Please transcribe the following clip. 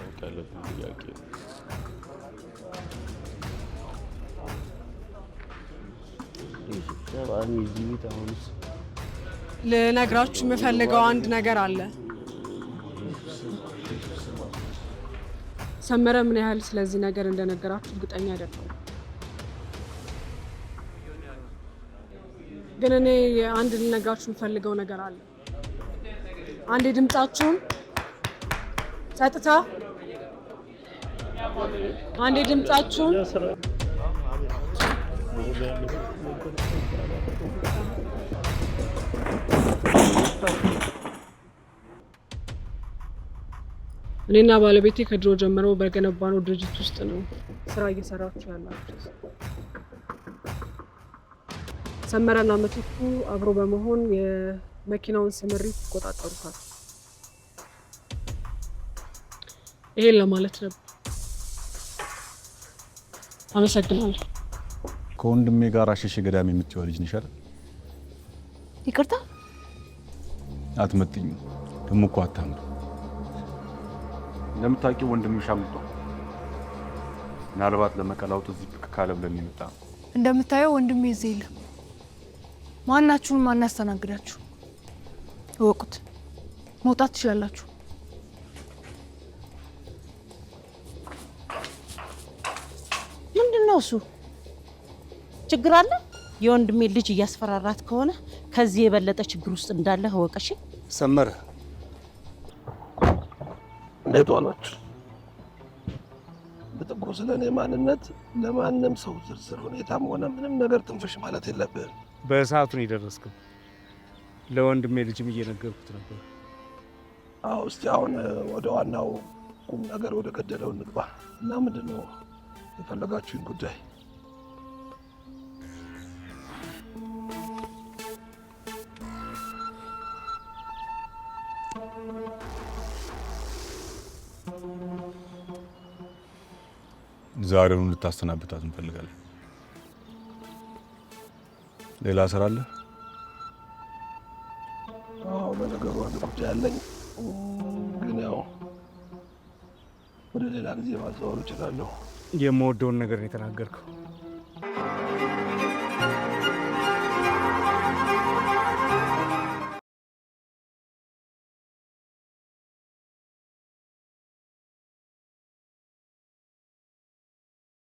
ማወቅ ያለብን ጥያቄ ልነግራችሁ የምፈልገው አንድ ነገር አለ። ሰመረ ምን ያህል ስለዚህ ነገር እንደነገራችሁ እርግጠኛ አይደለሁም፣ ግን እኔ አንድ ልነግራችሁ የምፈልገው ነገር አለ። አንድ ድምጻችሁን ጸጥታ አንዴ ድምጻችሁን እኔና ባለቤቴ ከድሮ ጀምሮ በገነባነው ድርጅት ውስጥ ነው ስራ እየሰራችሁ ያላችሁ። ሰመረና መቶቱ አብሮ በመሆን የመኪናውን ስምሪት ይቆጣጠሩታል። ይሄን ለማለት ነበር። አመሰግናለሁ። ከወንድሜ ጋር አሸሸ ገዳሚ የምትይው ልጅ ነሽ አይደል? ይቅርታ አትመጥኝም። ደሞ እኮ እንደምታውቂው ወንድምሽ ምናልባት ለመቀላውጥ እዚህ ብቅ ካለ ብለን የመጣ ነው። እንደምታየው ወንድሜ እዚህ የለም። ማናችሁም ማናስተናግዳችሁ እወቁት። መውጣት ትችላላችሁ። ነው እሱ ችግር አለ። የወንድሜ ልጅ እያስፈራራት ከሆነ ከዚህ የበለጠ ችግር ውስጥ እንዳለ ወቀሽ ሰመረ እንዴት ዋላችሁ? ስለ እኔ ማንነት ለማንም ሰው ዝርዝር ሁኔታም ሆነ ምንም ነገር ትንፍሽ ማለት የለብህም። በእሳቱን ነው የደረስከው። ለወንድሜ ልጅም እየነገርኩት ነበር። አዎ፣ እስቲ አሁን ወደ ዋናው ቁም ነገር ወደ ገደለው እንግባ እና ምንድን ነው የፈለጋችሁን ጉዳይ ዛሬውን ልታስተናብታት እንፈልጋለን። ሌላ ስራ አለ? አዎ፣ በነገሩ አንድ ጉዳይ አለኝ፣ ግን ያው ወደ ሌላ ጊዜ ማዘዋወር እችላለሁ። የምወደውን ነገር ነው የተናገርከው